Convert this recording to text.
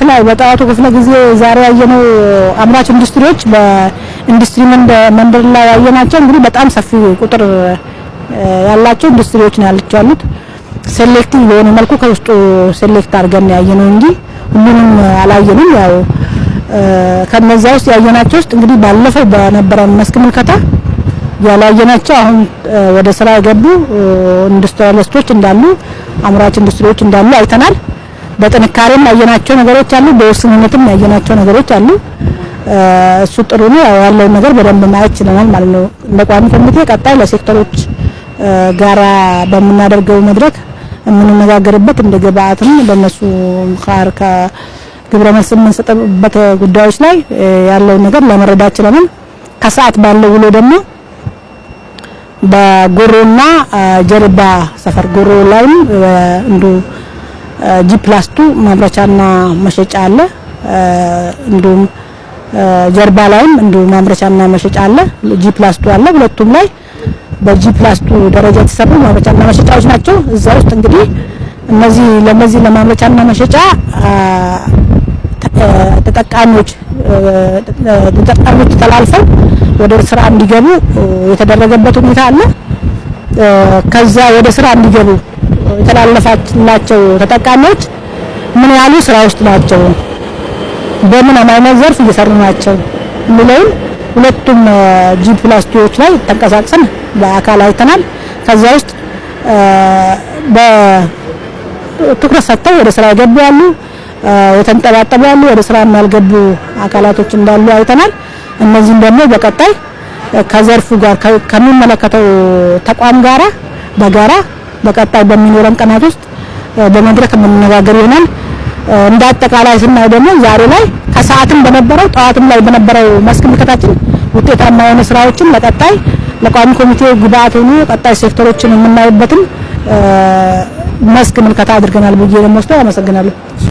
በተለያዩ በጠዋቱ ክፍለ ጊዜ ዛሬ ያየነው አምራች ኢንዱስትሪዎች በኢንዱስትሪ መንደር ላይ ያየናቸው እንግዲህ በጣም ሰፊ ቁጥር ያላቸው ኢንዱስትሪዎች ነው ያለች ያሉት። ሴሌክቲቭ በሆነ መልኩ ከውስጡ ሴሌክት አድርገን ያየነው እንጂ ሁሉንም አላየንም። ያው ከነዛ ውስጥ ያየናቸው ውስጥ እንግዲህ ባለፈው በነበረን መስክ ምልከታ ያላየናቸው አሁን ወደ ስራ የገቡ ኢንዱስትሪያሊስቶች እንዳሉ አምራች ኢንዱስትሪዎች እንዳሉ አይተናል። በጥንካሬም ያየናቸው ነገሮች አሉ፣ በውስንነትም ያየናቸው ነገሮች አሉ። እሱ ጥሩ ነው። ያለውን ነገር በደንብ ማየት ችለናል ማለት ነው። እንደ ቋሚ ኮሚቴ ቀጣይ ለሴክተሮች ጋራ በምናደርገው መድረክ የምንነጋገርበት እንደ ግብአትም በእነሱ ካርካ ግብረ መልስ የምንሰጥበት ጉዳዮች ላይ ያለውን ነገር ለመረዳት ችለናል። ከሰዓት ባለው ውሎ ደግሞ በጎሮና ጀርባ ሰፈር ጎሮ ላይም እንዱ ጂፕላስቱ ማምረቻና መሸጫ አለ። እንዲሁም ጀርባ ላይም እንዲሁ ማምረቻና መሸጫ አለ። ጂፕላስቱ አለ። ሁለቱም ላይ በጂፕላስቱ ደረጃ የተሰሩ ማምረቻና መሸጫዎች ናቸው። እዛ ውስጥ እንግዲህ እነዚህ ለነዚህ ለማምረቻና መሸጫ ተጠቃሚዎች ተጠቃሚዎች ተላልፈው ወደ ስራ እንዲገቡ የተደረገበት ሁኔታ አለ። ከዛ ወደ ስራ እንዲገቡ የተላለፋላቸው ተጠቃሚዎች ምን ያሉ ስራ ውስጥ ናቸው፣ በምን አይነት ዘርፍ እየሰሩ ናቸው የሚለውን ሁለቱም ጂ ፕላስቲዎች ላይ ተንቀሳቅሰን በአካል አይተናል። ከዛ ውስጥ በትኩረት ሰጥተው ወደ ስራ የገቡ ያሉ፣ የተንጠባጠቡ ያሉ፣ ወደ ስራ ያልገቡ አካላቶች እንዳሉ አይተናል። እነዚህም ደግሞ በቀጣይ ከዘርፉ ጋር ከሚመለከተው ተቋም ጋራ በጋራ በቀጣይ በሚኖረን ቀናት ውስጥ በመድረክ የምንነጋገር ይሆናል። እንደ አጠቃላይ ስናይ ደግሞ ዛሬ ላይ ከሰዓትም በነበረው ጠዋትም ላይ በነበረው መስክ ምልከታችን ውጤታማ የሆነ ስራዎችን ለቀጣይ ለቋሚ ኮሚቴው ግብአት ሆኖ ቀጣይ ሴክተሮችን የምናይበትም መስክ ምልከታ አድርገናል ብዬ ደግሞ አመሰግናለሁ።